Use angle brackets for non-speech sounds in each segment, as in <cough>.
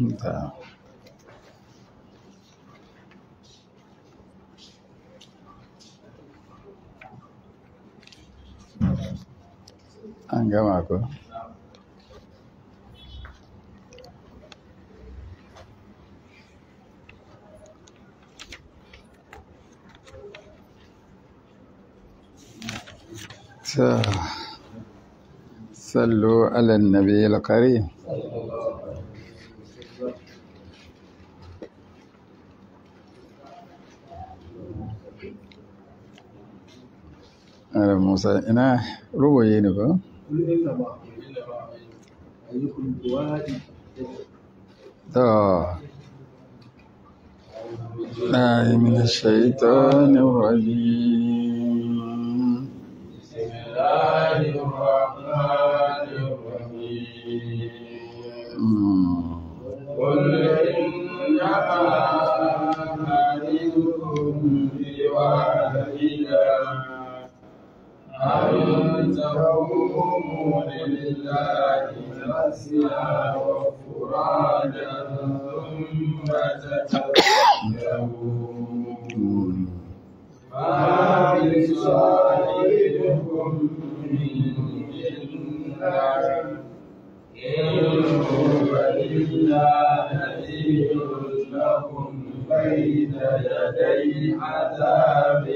صلوا آه، على النبي الكريم Musa ina ruwaye ne ba da na yi min shaitan rajim لهم بين يدي عذاب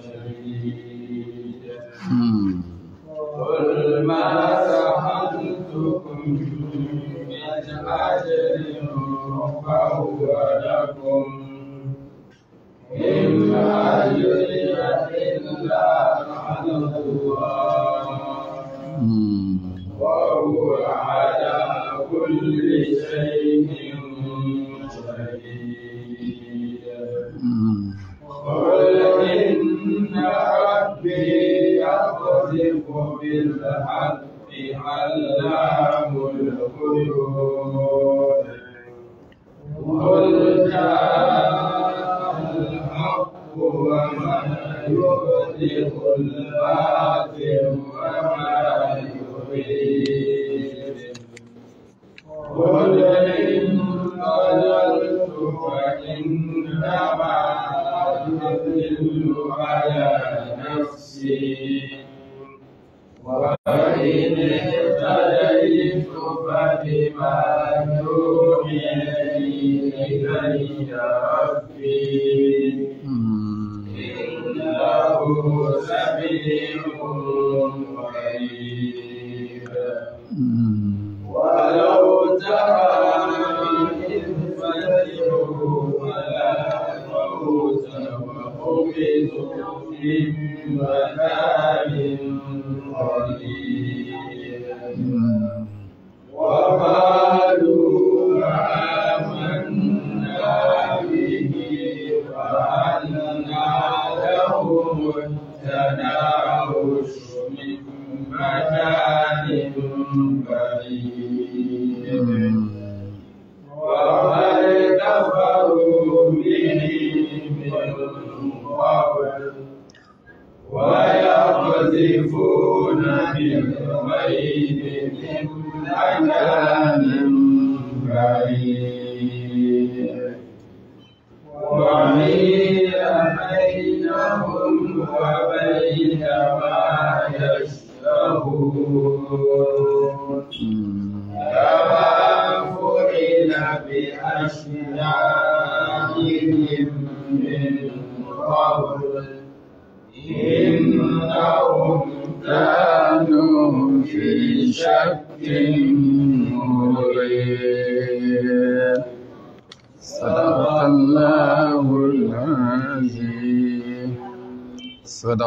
شديد من قريب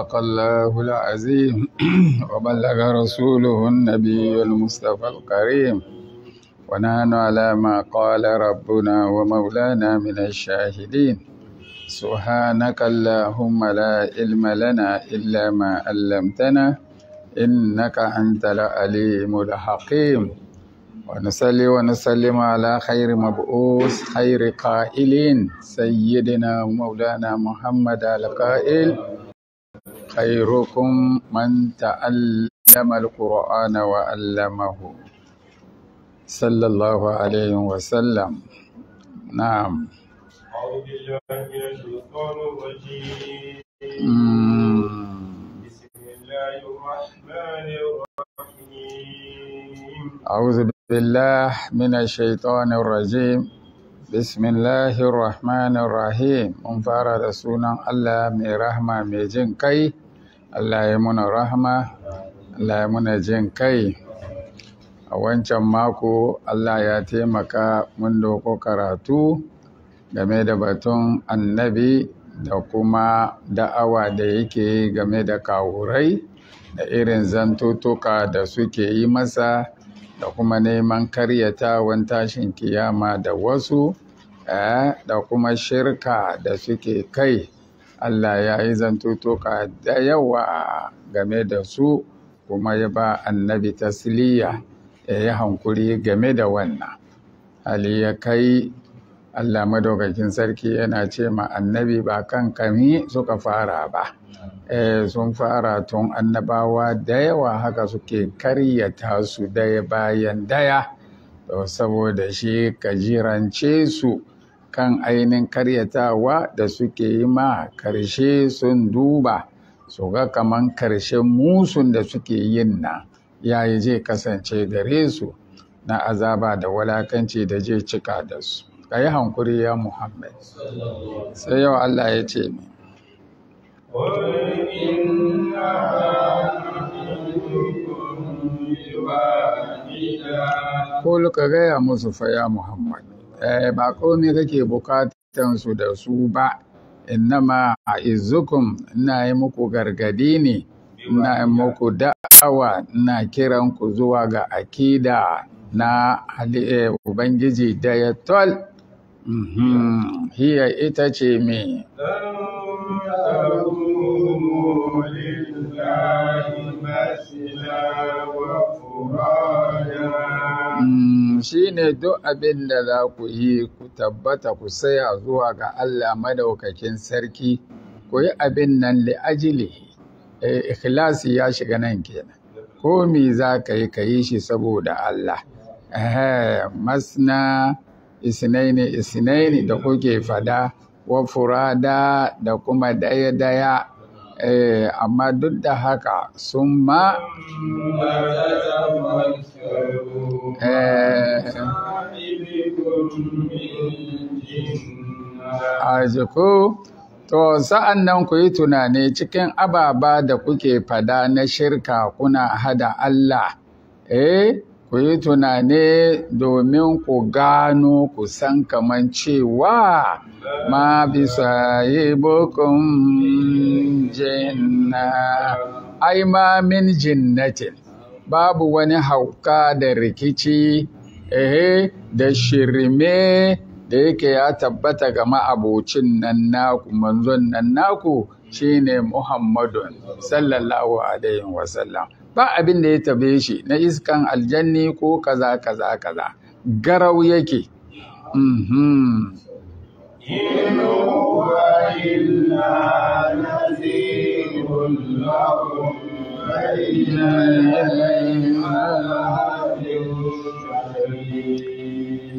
صدق الله العظيم <clears throat> وبلغ رسوله النبي المصطفى الكريم ونحن على ما قال ربنا ومولانا من الشاهدين سبحانك اللهم لا علم لنا إلا ما علمتنا إنك أنت العليم الحكيم ونصلي ونسلم على خير مبعوث خير قائلين سيدنا مولانا محمد القائل خيركم من تعلم القرآن وعلمه صلى الله عليه وسلم نعم أعوذ بالله من الشيطان الرجيم بسم الله الرحمن الرحيم أعوذ بالله من الشيطان الرجيم Bismillahir Rahmanir Rahim mun fara da sunan Allah mai rahma mai jin kai Allah ya muna rahma Allah ya muna jin kai a wancan mako Allah ya taimaka mun doko karatu game da batun annabi da kuma da'awa da yake game da kawurai da irin zantutuka da suke yi masa da kuma neman karyatawan tashin kiyama da wasu eh, da kuma shirka da suke kai Allah ya yi zantutuka da yawa game da su kuma ya ba annabi tasliya ya yi hankuri game da wannan hali ya kai Allah madaukakin sarki yana ce ma annabi ba kan kami suka fara ba eh sun fara tun annabawa da yawa haka suke karyata su daya bayan daya saboda shi kajirance su kan ainin karyatawa da suke yi ma karshe sun duba su ga kaman karshen musun da suke yin na yayi zai kasance gare su na azaba da walakanci da zai cika da su ka yi hankuri ya muhammad sai yau allah ya ce ne kulu ka gaya musu faya, ya muhammad eh, ba komai kake bukatan su da su ba innama a izukum ina yi muku gargadi ne ina yi muku da'awa ina kiran ku zuwa ga akida na eh, Ubangiji da ya Mm-hmm. hiya ita ce me mm, shi ne duk abin da za ku yi ku tabbata ku saya zuwa ga Allah madaukakin sarki ku yi abin nan li'ajili eh, ikhlasi ya shiga nan kenan ko me za ka yi ka yi shi saboda Allah eh, masna isnaini isnaini da kuke fada wa furada da kuma daya daya eh, amma duk da haka sun ma A eh, arziku to sa'an nan ku yi tunani cikin ababa da kuke fada na shirka kuna hada Allah eh ku yi tunane domin ku gano ku san kaman cewa ma bi bukun jinna ai ma min jinnatin babu wani hauka da rikici ehe da shirme da yake ya tabbata ga ma'abocin nan naku manzon nan naku shine muhammadun sallallahu alaihi wasallam ba abin da ya tabe shi na iskan aljanni ko kaza kaza kaza garau yake mhm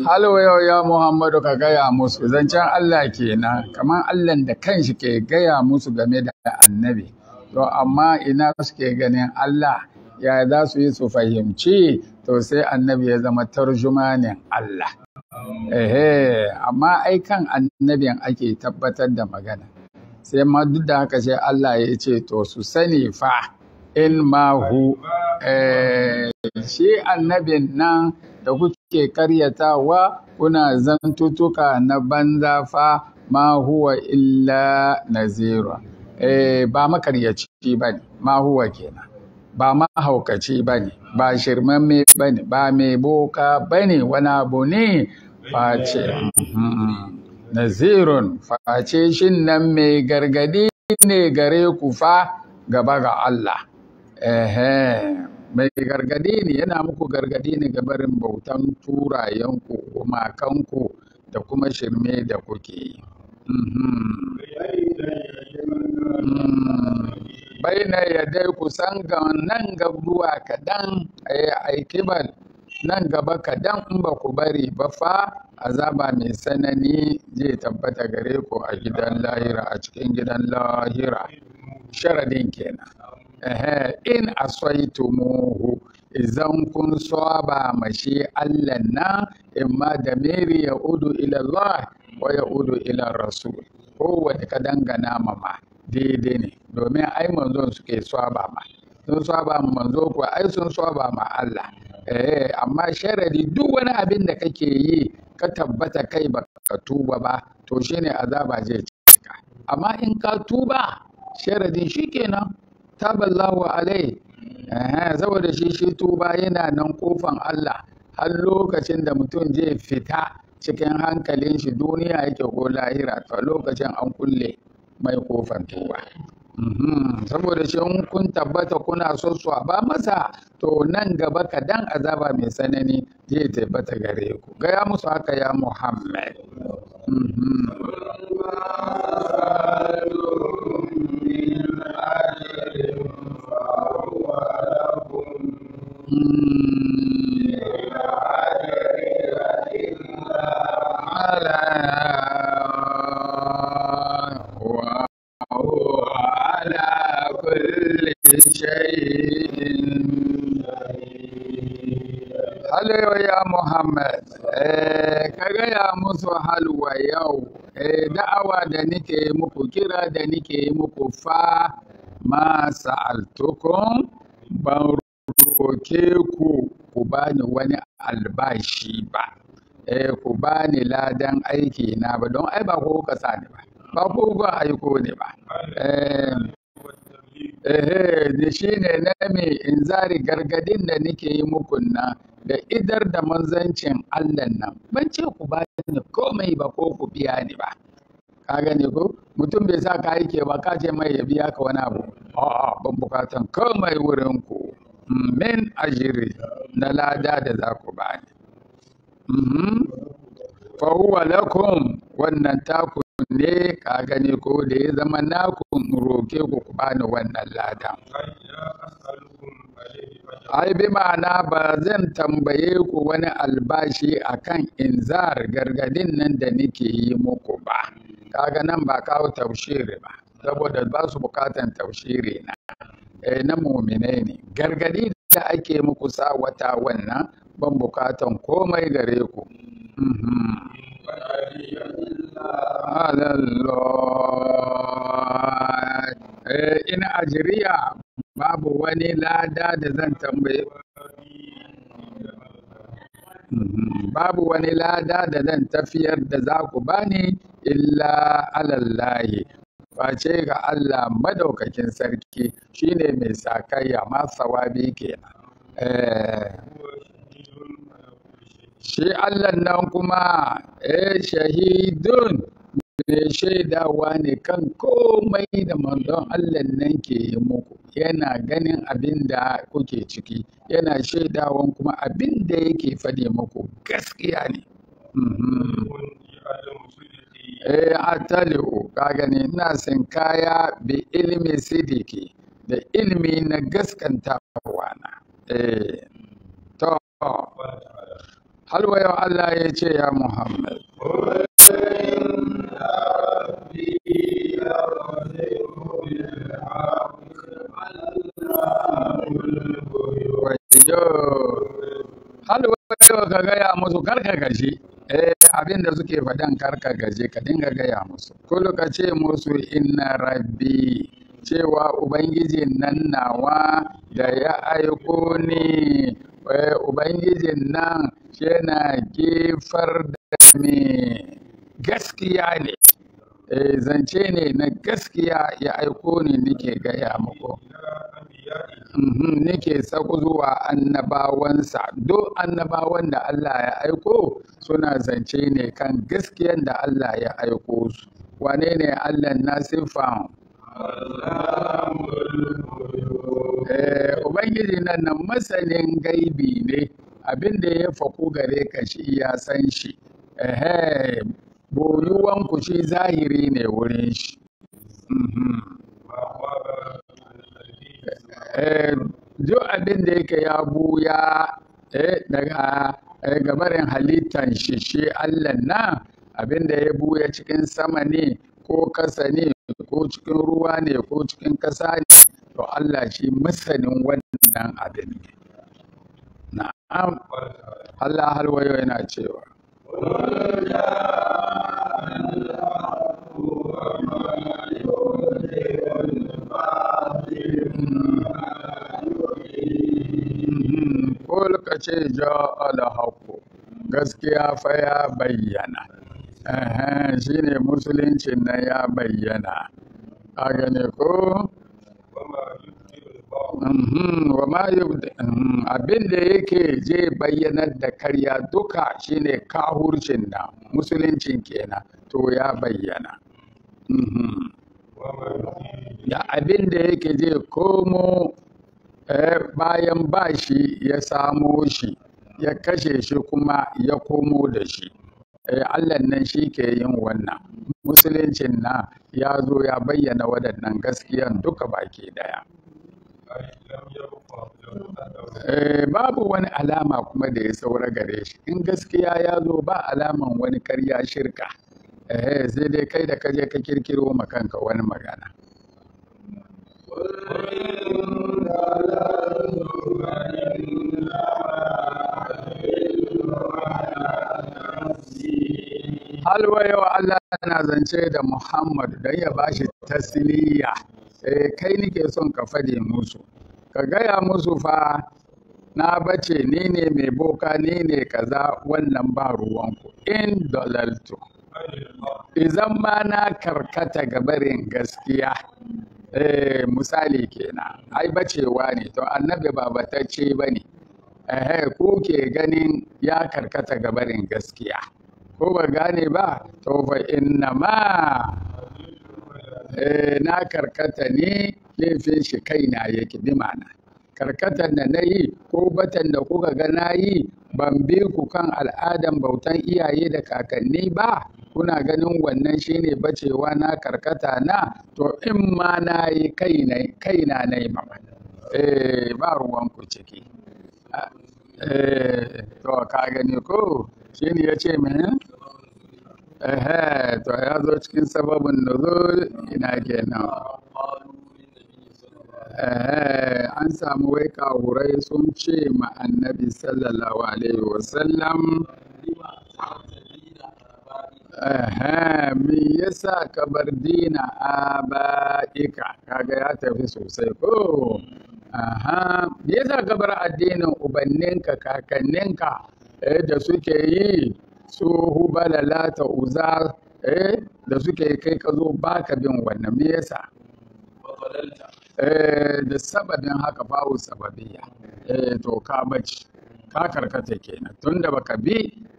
Halwa yau ya Muhammadu ka gaya musu, zancen Allah kenan, kamar Allah da kanshi ke gaya musu game da annabi. to amma ina suke ganin Allah ya za su yi su fahimci to sai annabi ya zama tarjumanin Allah ehe amma ai kan annabin ake tabbatar da magana sai ma duk da haka sai Allah ya ce to su sani fa in ma hu eh, shi annabin nan da kuke karyatawa kuna zantutuka na banza fa ma huwa illa nazira eh ba makaryaci ne ma huwa kenan ba ma haukaci ba shirman me ba mai boka ba ne wani abu ne face nazirun face shin nan mai gargadi ne gare ku fa gaba ga Allah ehe mai gargadi ne yana muku gargadi ne ga barin bautan turayenku gumakanku da kuma shirme da kuke yi Hmm. baina yadai kusan ga nan gabuwa kadan eh, ai kibar nan gaba kadan in ba ku bari ba fa azaba mai sanani zai tabbata gare ku a gidan lahira a cikin gidan lahira sharadin kenan in asaitumuhu idan kun saba mashi na, nan ma da meri ya udu ila Allah wa ya udu ila Rasul kowace ka dangana ma. daidai ne domin ai manzo suke saba ma sun saba ma manzo kuwa ai sun saba ma Allah eh amma sharadi duk wani abin da kake yi ka tabbata kai ba ka tuba ba to shine azaba zai cika amma in ka tuba sharadin shikenan taballahu alai eh saboda shi shi tuba yana nan kofan Allah har lokacin da mutum zai fita cikin hankalin shi duniya yake ko lahira to lokacin an kulle mai kofar tuwa. Mhm. saboda shi in kun tabbata kuna so su ba masa to nan gaba kadan azaba mai tsanani zai tabbata gare ku gaya musu haka ya muhammad Mm. nike muku kira da nike muku fa ma sa'altukum ban roke ku ku bani wani albashi ba eh ku bani ladan aiki na ba don ai ba ko kuka sa ni ba ba ko kuka aiko ne ba eh eh ne shine na me zari gargadin da nike yi muku nan da idar da manzancin Allah nan ban ce ku bani komai ba ko ku biya ni ba ka gane ko mutum bai sa ka ke ba ka ce mai ya biya ka wani abu a ban bukatan mai wurin ku min ajiri na lada da za ku bani mhm. fa huwa lakum wannan taku ne ka gani ko da ya zama naku roke ku ku bani wannan ladan ai bi ma'ana ba zan tambaye ku wani albashi akan inzar gargadin nan da nake yi muku ba kaga nan ba kawo taushiri ba saboda ba su bukatan taushiri na eh na mumine ne gargadi da ake muku sa wata wannan ban bukatan komai gare ku uhm. eh, Ina ajiriya babu wani lada da zan tambaye mhm. babu wani lada da zan tafiyar da za ku bani illa alallahi face ga Allah madaukakin sarki shine mai sakayya ma sawabi ke. Eh. shi Allah nan kuma eh shahidun mai shaidawa ne kan komai da manzon Allah nan ke yi muku yana ganin abin da kuke ciki yana shaidawan kuma abin da yake fade muku gaskiya ne mm-hmm. eh a ataliu ka gani ina san kaya bi ilmi sidiki da ilmi na gaskanta na eh to halwa Allah ya ce ya Muhammad ka gaya musu karka gaji eh abin da suke faɗan karka gaji ka dinga gaya musu kullu ka ce musu inna rabbi cewa ubangijin nan nawa da ya aiko ni eh, ubangijin nan yana gefar da me gaskiya ne eh, zance ne na gaskiya ya aiko ni nike gaya muku mhm, Nike sako zuwa annabawansa duk annabawan da Allah ya aiko suna zance ne kan gaskiyan da Allah ya aiko su wane ne Allah na siffan eh, Ubangiji nan nan masanin gaibi ne abin da ya faku gare ka shi ya san shi ku shi zahiri ne wurin shi mhm. eh, duk abin da yake ya buya eh, daga eh, gabarin halittan shi shi allah na abin da ya buya cikin sama ne ko kasa ne ko cikin ruwa ne ko cikin kasa ne to allah shi masanin wannan abin ne na'am allah halwayo yana cewa ka ce ja alhaku gaskiya fa ya bayyana shi ne musuluncin na ya bayyana a gane ko Uhm, wa uhm, abin da yake je bayyanar da karya duka shine kahurcin da musuluncin kenan to ya bayyana uhm. da abin da yake je komo eh, bayan ba ya samo shi ya kashe shi kuma ya komo da shi eh, Allah nan shi ke yin wannan musuluncin na ya zo ya bayyana waɗannan gaskiyan duka baki daya. Eh, babu wani alama kuma da ya saura gare shi in gaskiya ya zo ba alaman wani karya shirka eh sai dai kai da kaje ka kirkiro ma kanka wani magana halwayo Allah na zance da Muhammad don ya bashi tasliya eh kai nake son ka fade musu ka gaya musu fa na bace ni ne mai boka ni ne kaza wannan ba ruwanku in dalaltu idan ma na karkata gabarin gaskiya eh misali kenan ai bacewa ne to annabi ba batacce ba ne eh ko ke ganin ya karkata gabarin gaskiya ko ba gane ba to fa inna ma Eh, na karkata ne laifin shi kaina yake bi mana karkatan da na yi ko batan da kuka ga na yi ban bi ku kan al'adan bautan iyaye da kakanni ba kuna ganin wannan shine bacewa na karkata na to in ma na yi kaina na yi mama eh ba ruwan ku ciki ah, eh to ka gani ko shine ya ce mini eh to ya zo cikin sababin nuzul ina kenan eh an samu wai kawurai sun ce ma annabi sallallahu alaihi wasallam eh me yasa ka bar dina abaika kaga ya tafi sosai ko aha me yasa ka bar addinin ubanninka kakanninka eh, da suke yi su hubala ta uzar eh da suke kai ka zo baka bin wannan me yasa eh da sababin haka bawo sababiya eh to ka bace ka karkata kenan tunda baka bi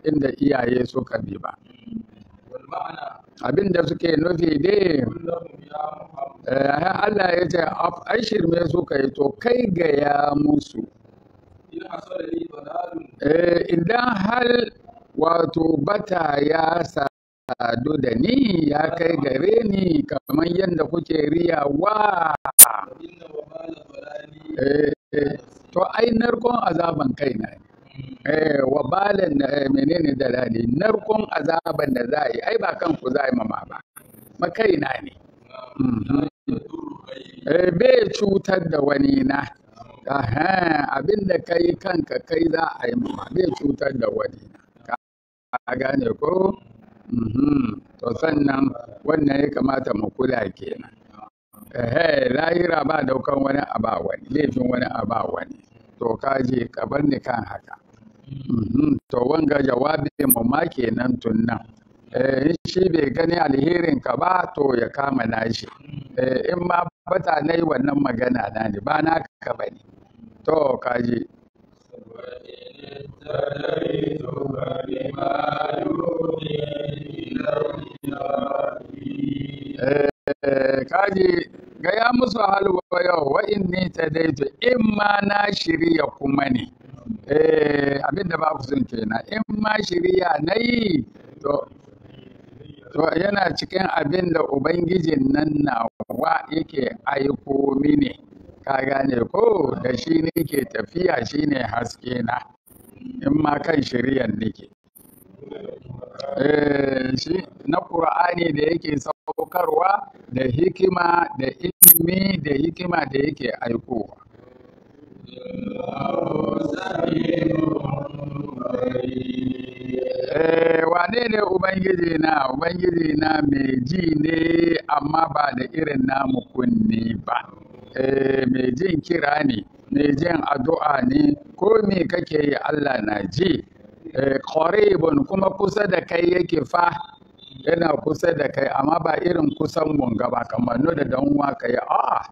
inda iyaye suka bi ba Abinda suke nufi dai eh, Allah ya ce af ashir me suka yi to kai gaya musu eh, idan har. wato bata ya sadu da ni ya kai gare ni kamar yadda kuke riyawa eh, to ai narkon azaban kaina ne eh, ne eh, menene dalali narkon azaban da za yi ai ba kan ku za yi mama ba na ne mhm. bai cutar da wani na abin da kai kanka kai za a yi mama bai cutar da wani na Ka gane ko? Mhm. To sannan wannan ya kamata mu kula kenan. Ehe, lahira ba daukan wani a ba wani, laifin wani a To ka ka bar ni kan haka. Mm-hmm. To wanga jawabi mu ma kenan tunnan. Eh, in shi bai gani alherin ka ba to ya kama nashi. Eh, in ma bata nayi wannan magana na ne ba na ka bane. To ka Eh, kaji gaya musu halwa yau wa inni tadaitu in ma na shirya kuma ne eh abinda ba ku son kenan in ma shirya nayi to to yana cikin abinda ubangijin nan na wa yake aiko mini ka gane ko da shi nake tafiya shi ne haske na in ma kan shiryan nake eh, shi na ƙur'ani da yake saukarwa da hikima da ilimi da hikima da yake aikowa eh, wane ne ubangiji na ubangiji na mai ji ne amma ba da irin namu kunni ba Eh, mai jin kira ne mai jin addu'a ne ko me kake yi Allah na ji Koreban eh, kuma kusa da kai yake fa yana kusa da kai amma ba irin kusan wanga ba kamar da dan uwa kai a ah,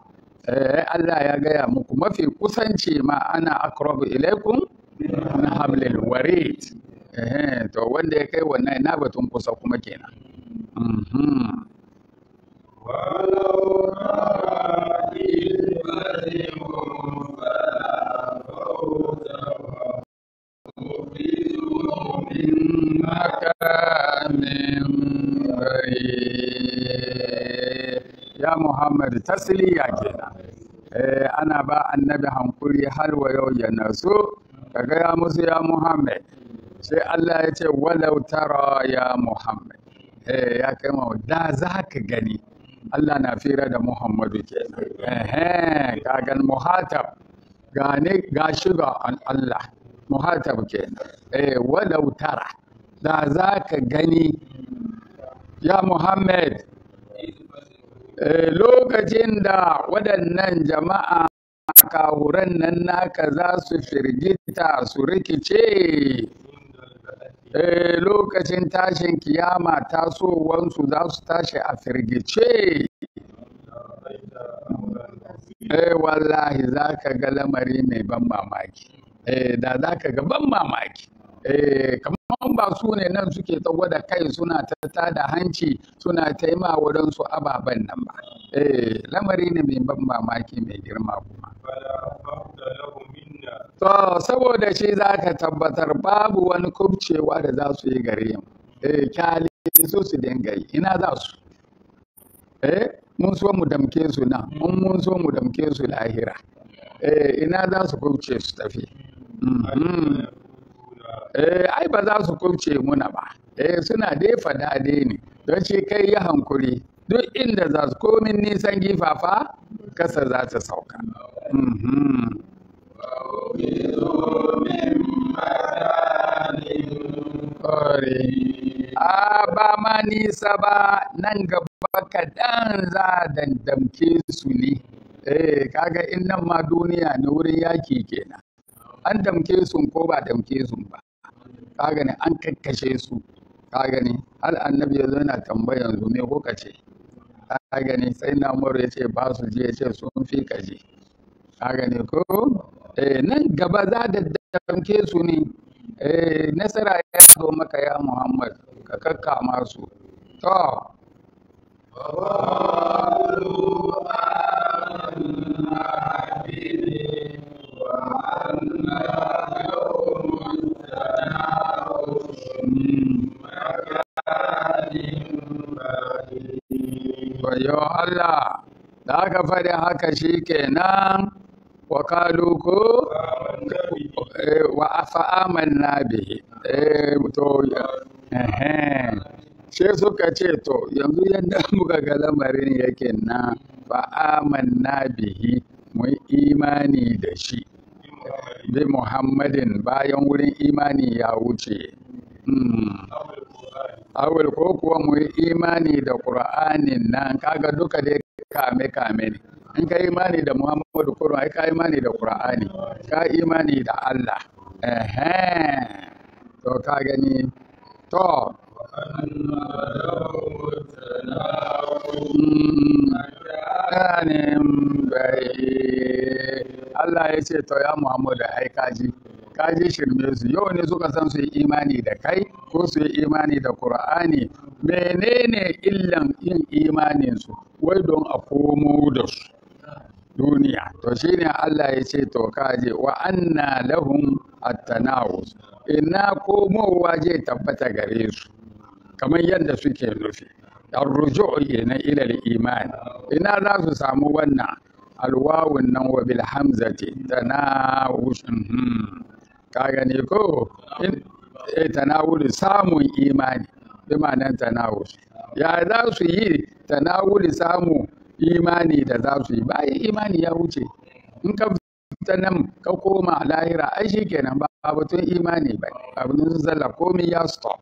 eh, Allah ya gaya muku mafi kusanci ma ana akrabu ilaikum na hablil warid to wanda ya kai wannan na batun kusa kuma kenan mhm. ya Muhammad tasliya kenan eh ana ba annabi hankuri har wa yau ya naso kaga ya musu ya Muhammad sai Allah ya ce walau tara ya Muhammad eh ya kai da za ka gani Allah na fira da Muhammadu ke ehe kagan muhatab gane ga shiga an Allah muhatab ke eh, walau tara da za ka gani ya Muhammad eh, lokacin da waɗannan jama'a kawuran nan naka za su firgita su rikice eh lokacin tashin kiyama tasowansu za su tashi a firgice eh wallahi za ka ga lamari mai ban mamaki eh da za ka ga ban mamaki eh in ba su ne nan suke tsawo da kai suna ta tada hanci suna taima wadansu su ababen nan ba eh lamari ne mai ban mamaki mai girma kuma to saboda shi za ka tabbatar babu wani kubcewa da za su yi gare mu eh kyale su su dinga yi ina za su eh mun so mu damke su nan mun mun so mu damke su lahira eh ina za su kubce su tafi mm-hmm. eh ai ba za su kubce muna ba eh suna dai fada dai ne don shi kai yi hankuri duk inda za su komin nisan gifafa kasa za ta sauka mhm. a ba ma nisa ba nan gaba kaɗan za dandamke su ne eh kaga in nan ma duniya ne wurin yaki kenan an damke sun ko ba damke sun ba ka gani an kakkashe su ka gani har annabi ya zo yana tambaya yanzu me kuka ce ka gani sai na mura ya ce ba su je ya ce sun fi kaje ka gani ko eh nan gaba za da damke su ne eh nasara ya zo maka ya muhammad ka ma su to آمنا به Bayo Allah, da aka faɗi haka shi kenan wa kaluku eh, wa afa'aman na bihi. Eh, She suka ce to, yanzu yadda <laughs> muka ga lamarin yake na fa'aman na bihi mun imani da shi. bi muhammadin bayan wurin imani ya wuce hmm. awul ko kuwa mu yi imani da ƙura'anin nan kaga duka dai kame kame ne in ka imani da muhammadu kurun ai ka imani da ƙura'ani ka imani da allah to ka gani to Allah ya ce to ya Muhammadu ai kaji kaji shirme su yau ne suka san su yi imani da kai ko su yi imani da Qur'ani menene illan yin imanin su wai don a komo da su duniya to shine Allah ya ce to kaji wa anna lahum at-tanawus ina komowa zai tabbata gare su kamar yadda suke nufi arruju'i na ilal iman ina za su samu wannan alwawun nan wa bil hamzati tanawushin ka gani ko eh, tanawul samun imani bi tanawus ya za su yi tanawul samu imani da za su yi bayan imani ya wuce in ka ta nan ka koma lahira ai kenan ba batun imani ba abin zalla komai ya stop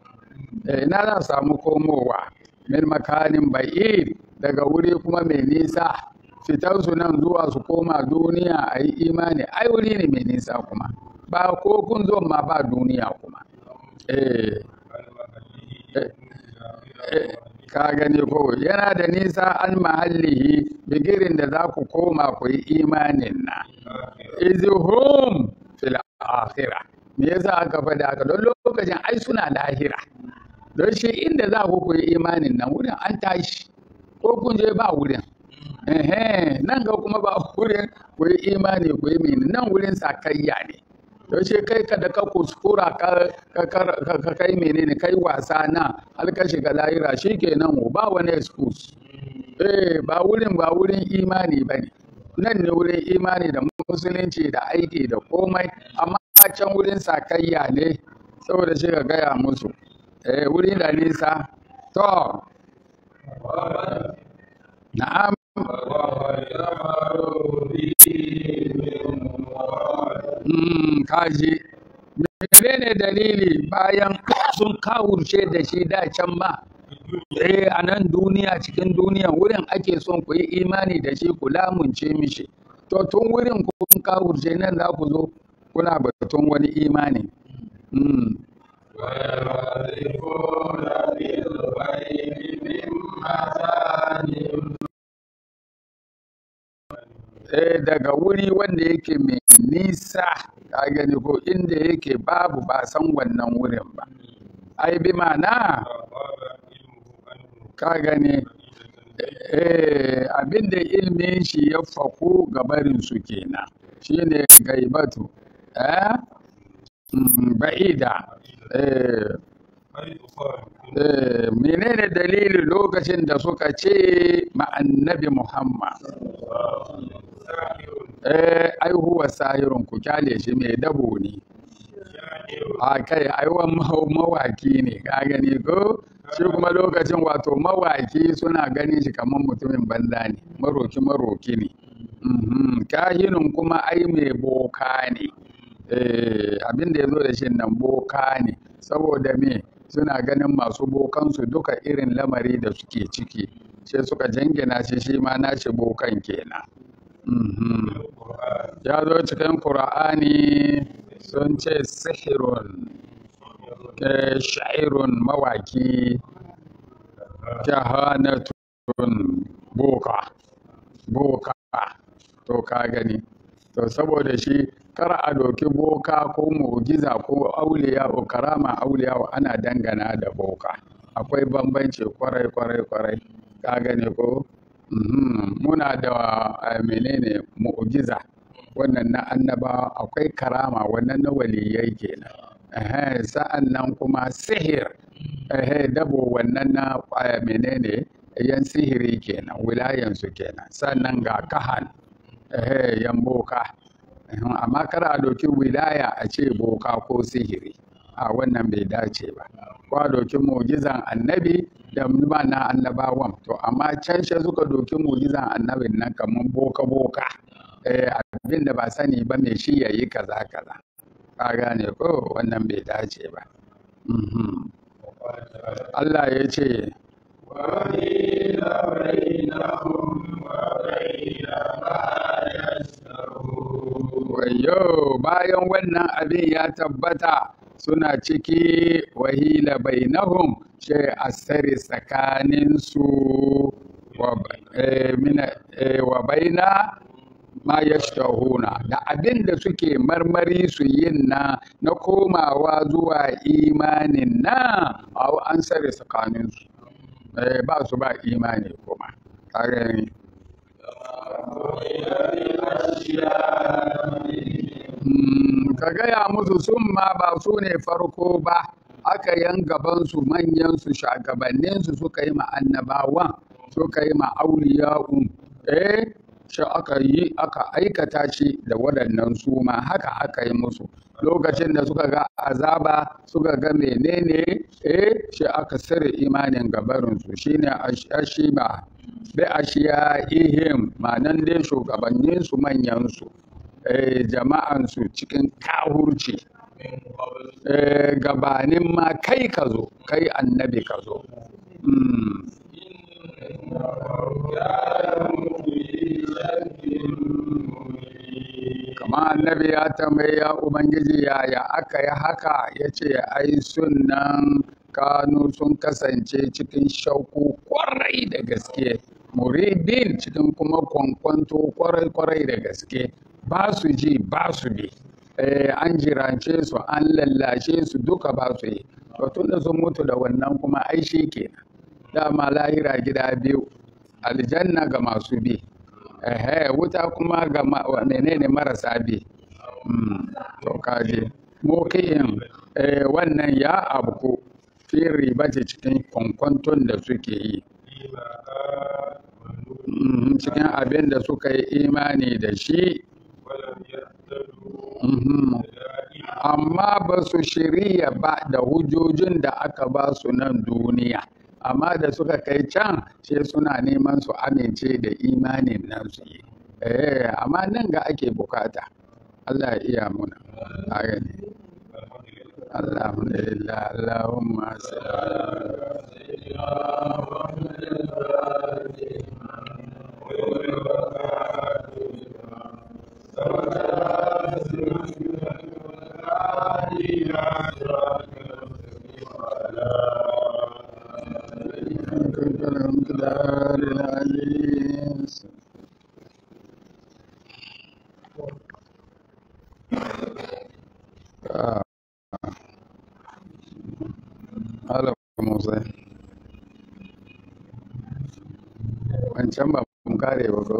Eh, ina zan samu komowa min makanin bai'i daga wuri kuma mai nisa fitansu nan zuwa su koma duniya a yi imani ai wuri ne mai nisa kuma ba ko kun zo ma ba duniya kuma eh, eh, ka gani ko yana da nisa an mahallihi bigirin da za ku koma ku yi imanin na izihum fil akhirah me yasa aka fada ka don lokacin ai suna lahira don shi inda za ku koyi imanin nan wurin an tashi ko kun je ba wurin nan ga kuma ba <laughs> wurin ku yi imani ku yi mini nan wurin sakayya ne don shi kai ka da ka kuskura ka kai mene ne kai wasa na har ka shiga ke shi kenan ba wani excuse eh ba wurin ba wurin imani ba ne nan ne wurin imani da musulunci da aiki da komai amma can wurin sakayya ne saboda shi ka gaya musu eh wuri da nisa na'am mm kaji menene dalili bayan sun kawurce da shi da can ba eh a nan duniya cikin duniya wurin ake son ku yi imani da shi ku lamunce mishi to tun wurin kun kawurce nan za ku zo kuna batun wani imani hmm. ويبادرون eh, daga wuri wanda yake mai nisa a gani ko inda yake babu ba san wannan wurin ba ai bi mana ka gani eh, abinda ilmin shi ya faku gabarin su kenan shine gaibatu eh? Mm, ba'ida eh, eh, menene dalili lokacin da suka ce ma'annabi muhammad eh, ai huwa sahirun ku kyale shi mai dabo ne a kai aiwan mawaki ne ka gani ko shi kuma lokacin wato mawaki suna ganin shi kamar mutumin banza ne maroki maroki ne mm-hmm. kahinin kuma ai mai boka ne Eh, abin da ya zo da shi nan boka ne saboda me suna ganin masu bokansu duka irin lamari da suke ciki sai suka jangina shi shi ma nashi bokan kenan mm-hmm. ya zo cikin ƙura'ani sun ce sihirun ke eh, sha'irun mawaki jahanatun boka boka to ka gani to saboda shi kar a doki boka ko mu'giza ko auliya ko karama auliya ana dangana da boka akwai bambanci kwarai kwarai kwarai ka gane ko mm-hmm. muna da menene mu'giza. wannan na annaba akwai karama wannan na waliyai kenan sa'an nan kuma sihir dabo wannan na menene yan sihiri kenan wilayensu kenan sannan ga kahan yan boka amma kar a doki wilaya a ce boka ko sihiri a wannan bai dace ba ko a doki mujizan annabi da na annabawan to amma can shi suka doki mugizan annabin nan kamar boka boka eh, abin da ba sani ba mai shi yayi kaza kaza ka gane ko wannan bai dace ba mhm. Allah ya ce wa wayo bayan wannan abin ya tabbata suna ciki wahila bainahum shay asari tsakaninsu eh, eh, wa baina ma yashtahuna da abin da suke marmari su yin na na komawa zuwa imanin na a an sare tsakaninsu eh, ba su ba imani kuma Hmm, ka gaya musu sun ma ba su ne farko ba aka yan gabansu manyansu shagabanninsu suka yi ma annabawan suka yi ma auliya'un eh shi aka yi aka aikata shi da waɗannan suma haka aka yi musu lokacin da suka ga azaba suka ga menene eh shi aka sare imanin gabarin su shine ashiba bi ashiya ihim manan dai shugabannin su manyan su eh jama'an su cikin kahurci eh gabanin ma kai ka zo kai annabi ka zo hmm. kama annabi ya tambaye ya ubangiji yaya aka yi haka ya ce ai sunan kanu sun kasance cikin shauku kwarai da gaske muridin cikin kuma kwankwanto kwarai kwarai da gaske ba su ji ba su bi eh, an jirance su an lallashe su duka ba su yi to tun da sun mutu da wannan kuma ai shi kenan dama lahira gida biyu aljanna ga masu bi ehe wuta kuma ga ne marasa bi hmm, to kaje mokiyin eh, wannan ya abku fi ribace cikin kwankwanton da suke yi hmm, cikin abin da suka yi imani da shi hmm, amma ba su shirya ba da hujjojin da aka ba su nan duniya amma da suka kai can sai suna neman su amince da imanin nasu yi eh, amma nan ga ake bukata Allah ya iya muna gani alhamdulillah allahumma Yeah. سبحانك ah. الأنكار ah. ba mun kare ba ko?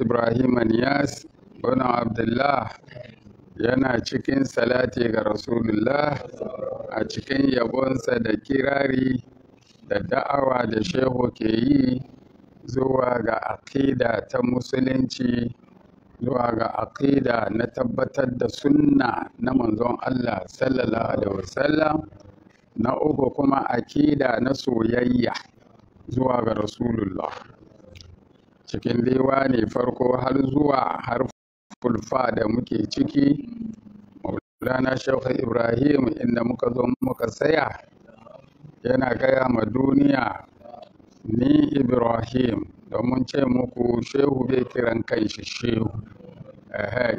Ibrahim Niyas wani Abdullah yana cikin salati ga Rasulullah a cikin yabonsa da kirari da da'awa da shehu ke yi zuwa ga aƙida ta musulunci zuwa ga aƙida na tabbatar da sunna na manzon Allah sallallahu alaihi wasallam na uku kuma aƙida na soyayya zuwa ga Rasulullah. cikin ne farko har zuwa har fulfa da muke ciki maulana shekhu ibrahim inda muka zo muka saya yana gaya ma duniya ni ibrahim domin ce muku shehu bai kiran kanshi shehu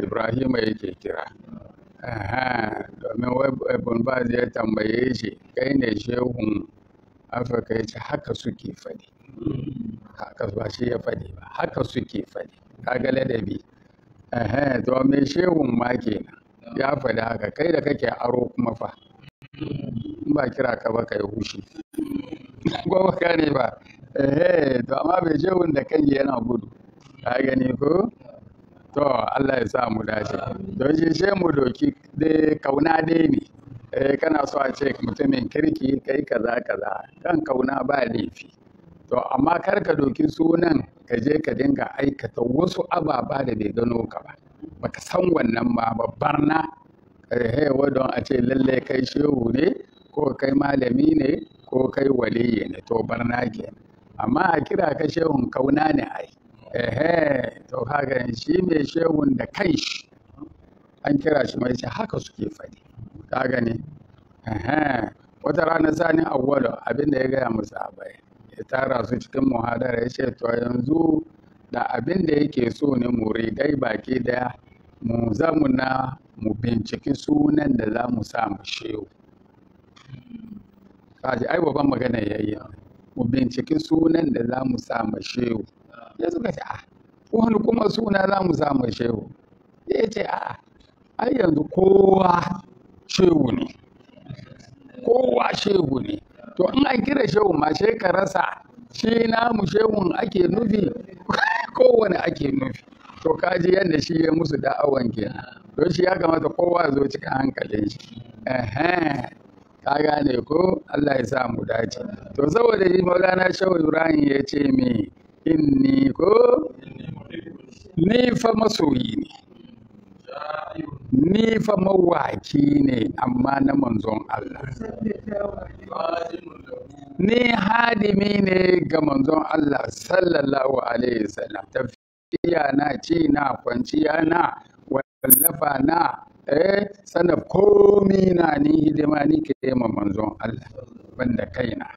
ibrahim yake kira domin wai ba ya tambaye shi kai ne shehun afirka ya ce haka suke faɗi haka ba shi ya faɗi ba haka suke faɗi Ka ga ladabi to me shehun ma kenan ya faɗi haka kai da kake aro kuma fa ba kira ka ba kai hushi <laughs> ko ba ne ba eh to amma bai shehun da kan yana gudu ka gani ko to Allah ya sa mu dace don shi shehun doki dai kauna dai ne eh kana so a ce mutumin kirki kai kaza kaza dan kauna ba laifi to amma kar ka doki sunan ka je ka dinga aikata wasu ababa da bai gano ka ba baka san wannan ma babbar na eh don a ce lalle kai shehu ne ko kai malami ne ko kai waliyi ne to barna kenan amma a kira ka shehun kauna ne ai ehe to kaga shi ne shehun da shi. an kira shi mai haka suke faɗi ka gane wata rana sani awwalo abin da ya gaya musu a baya ya tara su cikin muhadara ya ce to yanzu da abin da yake so ne muridai baki daya mu zamu na mu binciki sunan da za mu sa mu shehu kaji ai babban magana yayi mu binciki sunan da za mu sa mu shehu ya suka ce a ah, wani kuma suna za mu sa mu shehu ya ce a ai yanzu kowa shehu ne kowa shehu ne to in an kira shehu ma sai ka rasa shi namu shehun ake nufi <laughs> kowane ake nufi to kaji yadda shi ya musu da'awan ke don shi ya kamata kowa zo cika hankalin shi ka gane ko Allah ya sa mu dace to saboda shi maulana shehu ibrahim ya ce me inni ko ni fa masoyi ne ni fa mawaki ne amma na manzon Allah ni hadimi ne ga manzon Allah sallallahu alaihi wasallam tafiya na ci na kwanciya na wallafa na eh sana komi na ni hidima ni ke ma manzon Allah banda kaina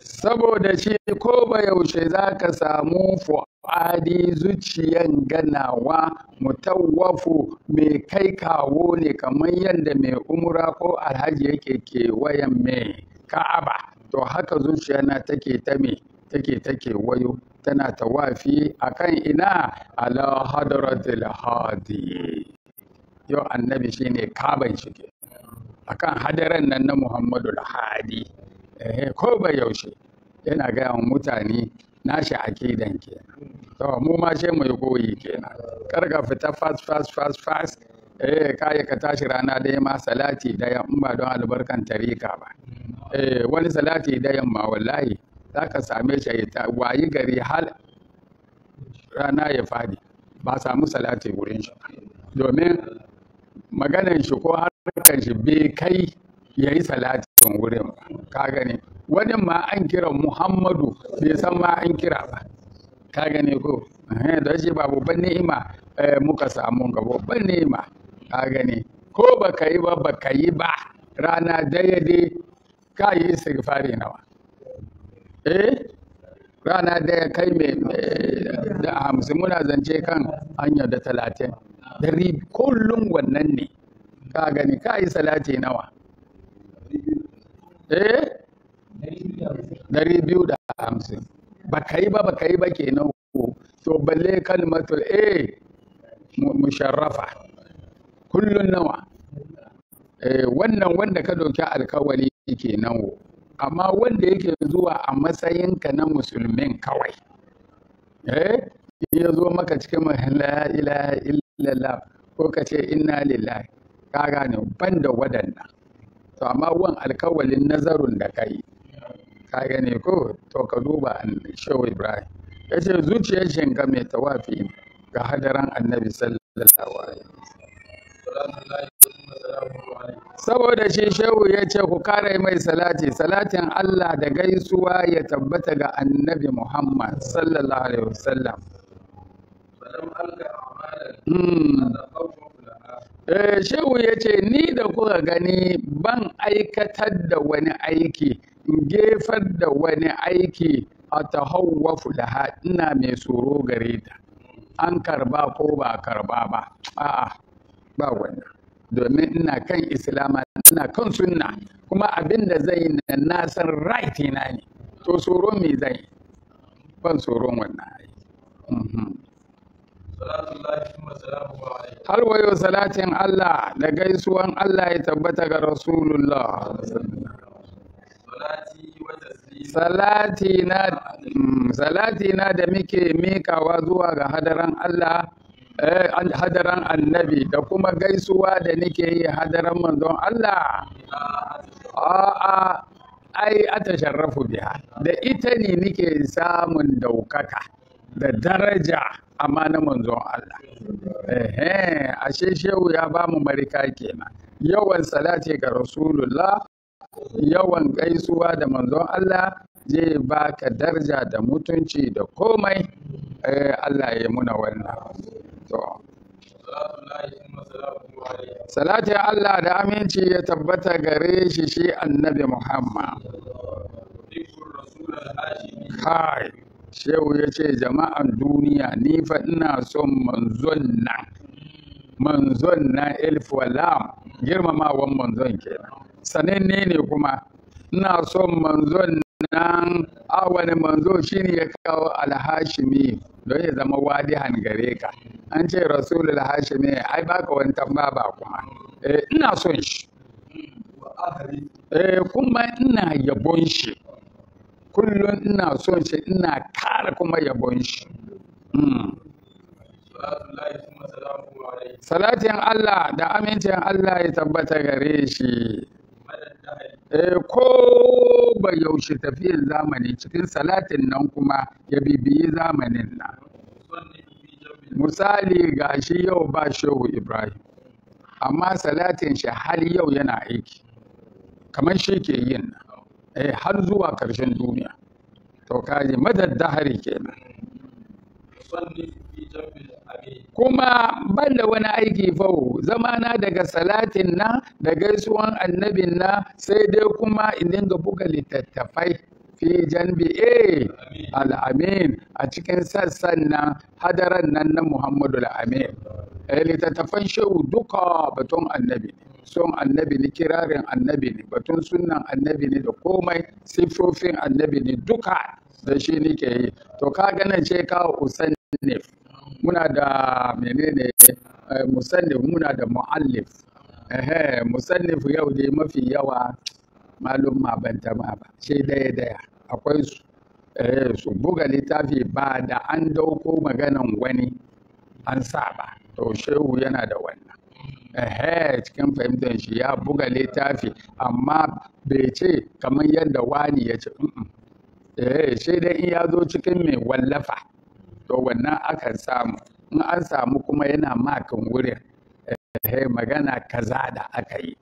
saboda shi ko ba yaushe za ka samu fu'adi zuciyan ganawa mutawafu mai kai kawo ne kamar yadda mai umura ko alhaji yake kewayen mai ka'aba to haka zuciya na take ta me take take wayo tana tawafi kan ina ala da hadi yau annabi shine kaban shi akan hadaran nan na muhammadu hadi Eh, ko ba yaushe yana gaya wa mutane nashi akidan ke to mu ma sai mu yi koyi kenan kar ka fita fast fast fast fast eh kai ka tashi rana da ma salati da in ba don albarkan tarika ba eh wani salati da yamma wallahi zaka same shi ta wayi gari hal rana ya fadi ba samu salati wurin shi domin maganan shi ko harkan shi bai kai ya yi salatin wurin ka gani wadin ma an kira muhammadu bai san ma an kira ba ka gani ko eh, da shi ba babban ni'ima eh, muka samu ga babban ni'ima ka gani ko baka yi ba baka yi ba rana daya dai ka yi istighfari nawa eh rana daya kai mai da hamsin muna zance kan hanya da talatin dari kullum wannan ne ka gani ka yi salati nawa eh dari biyu da hamsin ba ka yi ba ba ka yi ba ke nan to balle kalmatul a musharrafa kullun nawa eh, wannan wanda ka doki alkawari ke nan amma wanda yake zuwa a matsayinka na musulmin kawai eh ya zo maka cikin la ilaha illallah ko ka ce inna lillahi ka gane ban da waɗannan to amma wan alkawalin nazarun da kai ka gane ko to ka duba shehu ibrahim ya ce zuciyar shinka mai tawafi ga hadaran annabi sallallahu alaihi saboda shi shehu ya ce ku kare mai salati salatin Allah da gaisuwa ya tabbata ga annabi Muhammad sallallahu alaihi wasallam Eh, shehu ya ce ni da kuka gani ban aikatar da wani aiki in gefar da wani aiki a tahawwafu laha ina mai tsoro gare ta an karba ko ba karba ba a'a ba wani domin ina kan islama ina kan sunna kuma abin da zai na na san right na ne to tsoro me zai ban tsoron wannan aiki mhm. har wayo salatin Allah da gaisuwan Allah ya tabbata ga Rasulullah salati na mm, da muke mikawa zuwa ga hadaran Allah eh, hadaran annabi da kuma gaisuwa da nake yi hadaran manzon Allah a'a ai a atasharrafu biya da ita ne nike samun daukaka da daraja amma na manzon Allah ashe shehu ya ba mu marika kenan yawan salati ga rasulullah yawan gaisuwa da manzon Allah zai baka daraja da mutunci da komai eh, Allah ya muna wannan to Salatin Allah da aminci ya tabbata gare shi shi annabi Muhammad. Kai, shehu ya ce jama'an duniya ni fa ina son manzon nan manzon na elif girmamawan manzon kenan sananne ne kuma ina son manzon nan awane manzo shine ya kawo alhashimi don ya zama wadihan gare ka an ce rasulul hashimi ai baka wani tamba ba kuma eh, ina son shi eh kuma ina yabon shi kullum ina son shi ina kara kuma yabon shi hmm. salatin Allah da amincin Allah ya tabbata gare shi eh, ko ba yaushe tafiyar zamani cikin salatin nan kuma ya bibiyi zamanin nan misali ga shi yau ba shehu ibrahim amma salatin shi har yau yana aiki kamar shi ke yin nan eh har zuwa ƙarshen duniya to kaji madad dahari kenan kuma ban da wani aiki fau na daga salatin na da gaisuwan annabin na sai dai kuma in dinga buga littattafai fi janbi'e al'amin a cikin sassan nan hadaran nan na muhammadu al'amin eh, littattafan shehu duka batun annabi ne son annabi ne kirarin annabi ne batun sunan annabi ne da komai siffofin annabi ne duka da shi ke yi to ka ganin ce kawo usannif muna da menene eh, musannif muna da muallif musannif yau dai mafi yawa malum ma ban ma ba shi daya daya akwai eh, su buga littafi ba da an dauko maganan wani an saba to shehu yana da wannan ehe cikin fahimtar shi ya buga littafi amma bai ce kamar yadda wani ya ce eh sai dai in ya zo cikin mai wallafa to wannan aka samu in an samu kuma yana makin wurin eh, magana kaza da aka yi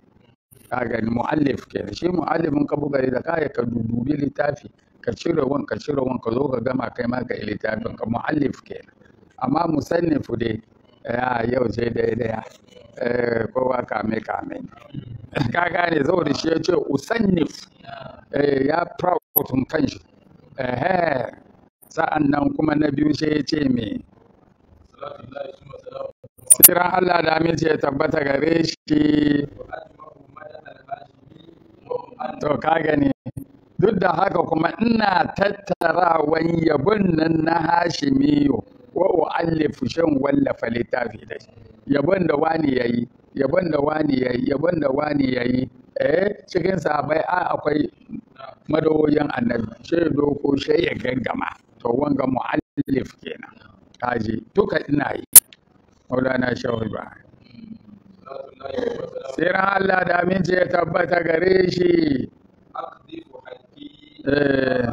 kaga mu'allif ke shi mu'allifin ka buga da kaya ka dubi littafi ka cire wan ka cire wan ka zo ka gama kai ma ka littafin ka mu'allif ke amma musannifu dai ya yau ce dai daya eh, kowa kame kame <laughs> ka gane da shi ya ce usannif eh, ya proud kan shi sa'an nan kuma na biyu shi ya ce me siran Allah da amince ya tabbata gare shi to ka gani duk da haka kuma ina tattara wani yabon nan na hashimiyo wa u'allifu shan wallafa littafi da shi yabon da wani ya yi? yabon da wani ya yi? yabon da wani ya yi? eh cikin sabai a akwai madawoyin annabi shi doko shi ya gangama to wanga mu'allif kenan kaji duka ina yi maulana shawar ba. Siran Allah da aminci ya tabbata gare shi. Eh,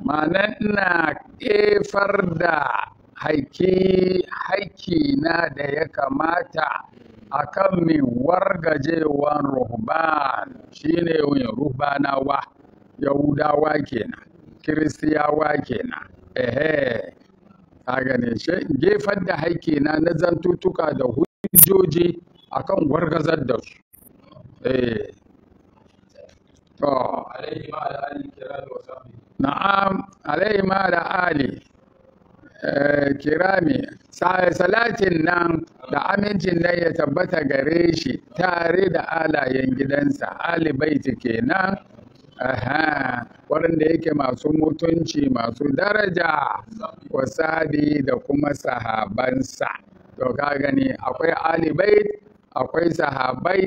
Ma'anan ina ƙefar da haiki na da ya kamata a kan min wargajewan ruhban shine yin ruhbanawa yahudawa kenan kiristiyawa kenan ehe a gane shi gefar da haiki na na zantutuka da hujjoji akan gwargazar da su eh. eh, kirami salatin nan da amincin nan ya tabbata gare shi tare da alayen gidansa ali baiti kenan waɗanda yake masu mutunci masu daraja wasadi da kuma sahabansa to ka gani akwai ali bait akwai sahabai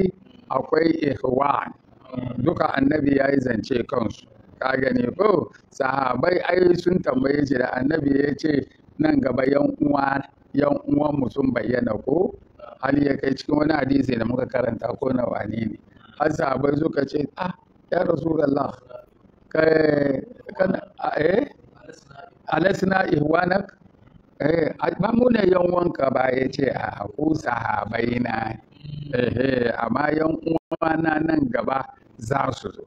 akwai ihwan duka annabi ya yi zance kansu ka gani ko sahabai ai sun tambaye shi da annabi ya ce nan gaba yan uwa yan uwan mu sun bayyana ko hali ya kai cikin wani hadisi da muka karanta ko na wane ne har sahabai suka ce ah ya rasulullah kai kana eh alasna ihwanak eh ba mu ne yan wanka ba ya ce a ku sahabai na ehe amma yan na nan gaba za su zo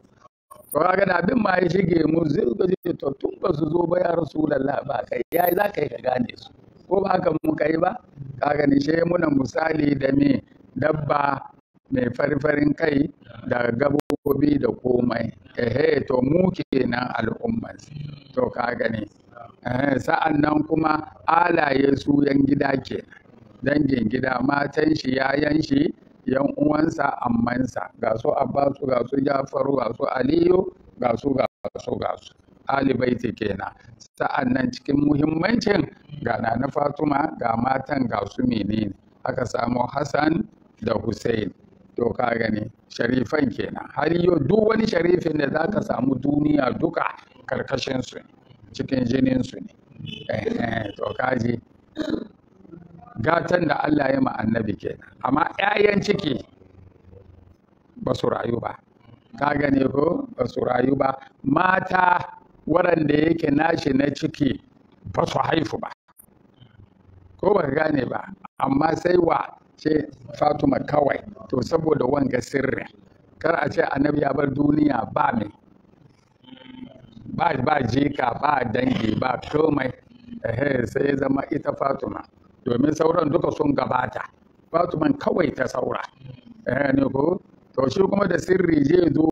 to ga da abin ma ya shige mu zai ga to tun ba su zo ba ya rasulullahi ba kai yayi za ka yi ka gane su ko ba ka mu kai ba ga ni she muna misali da me dabba mai farfarin kai da gabobi da komai ehe to mu kenan al'ummar to ka gani Sa'annan kuma alaye su yan gida kenan dangin gida matan shi yayan shi yan uwansa ammansa ga su abbasu ga su jafaru ga su aliyu ga su ga su ga su alibaiti kenan sa'an cikin muhimmancin ga na fatima ga matan ga su menene aka samu hassan da hussein to ka gani sharifan kenan har yau duk wani sharifin da za ka samu duniya duka karkashin su cikin jinin su ne to kaji gatan da Allah ya ma annabi kenan amma 'ya'yan ciki ba su rayu ba ka gane ko ba su rayu ba mata waɗanda yake nashi na ciki ba su haifu ba ko ba gane ba amma sai wa ce fatima kawai to saboda wanga sirri kar a ce annabi ya bar duniya ba mai ba ba jika ba dangi ba komai sai zama ita fatima domin sauran duka sun gabata fatuman kawai ta saura eh, ne ko to shi kuma da sirri je zo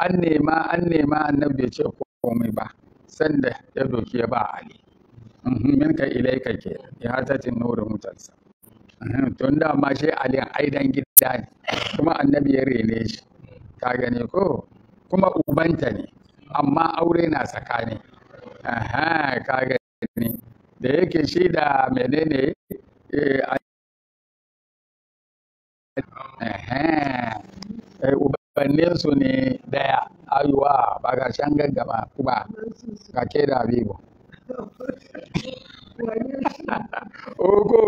an nema an nema annabi bai ce komai ba sanda ya doki ya ba ali mhm, min ka ilaika ke ya hata tin nuru mutansa mhm, tun da ma shi ali ai dan gida ne kuma annabi ya rene shi ka gane ko kuma ubanta ne amma aure na tsakani aha ka gane da yake shi da menene eh, eh, su ne daya ayuwa ba ga shan gaggaba kuma ka ke da bibo oko <laughs>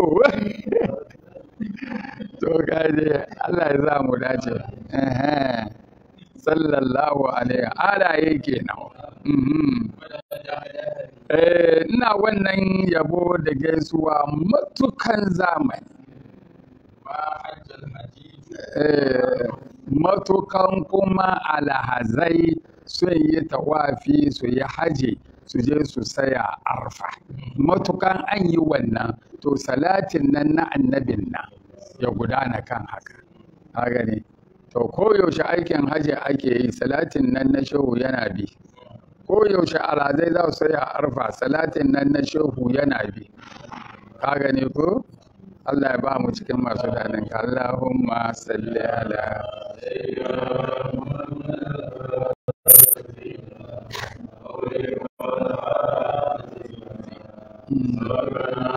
<laughs> to kaje allah ya za mu dace sallallahu alaihi alaye kenan mm-hmm. eh, ina wannan yabo da gaisuwa matukan zamani eh, matukan kuma alhazai sun yi tawafi su yi haji su je su saya arfa matukan an yi wannan to salatin nan na annabin nan ya gudana kan haka gani to koyaushe aikin hajji ake yi salatin nan na shehu yana bi koyaushe alazai za su yi a arfa salatin nan na shehu yana bi ka gani ko Allah ya ba mu cikin masu danin ka Allahumma salli ala Mm-hmm.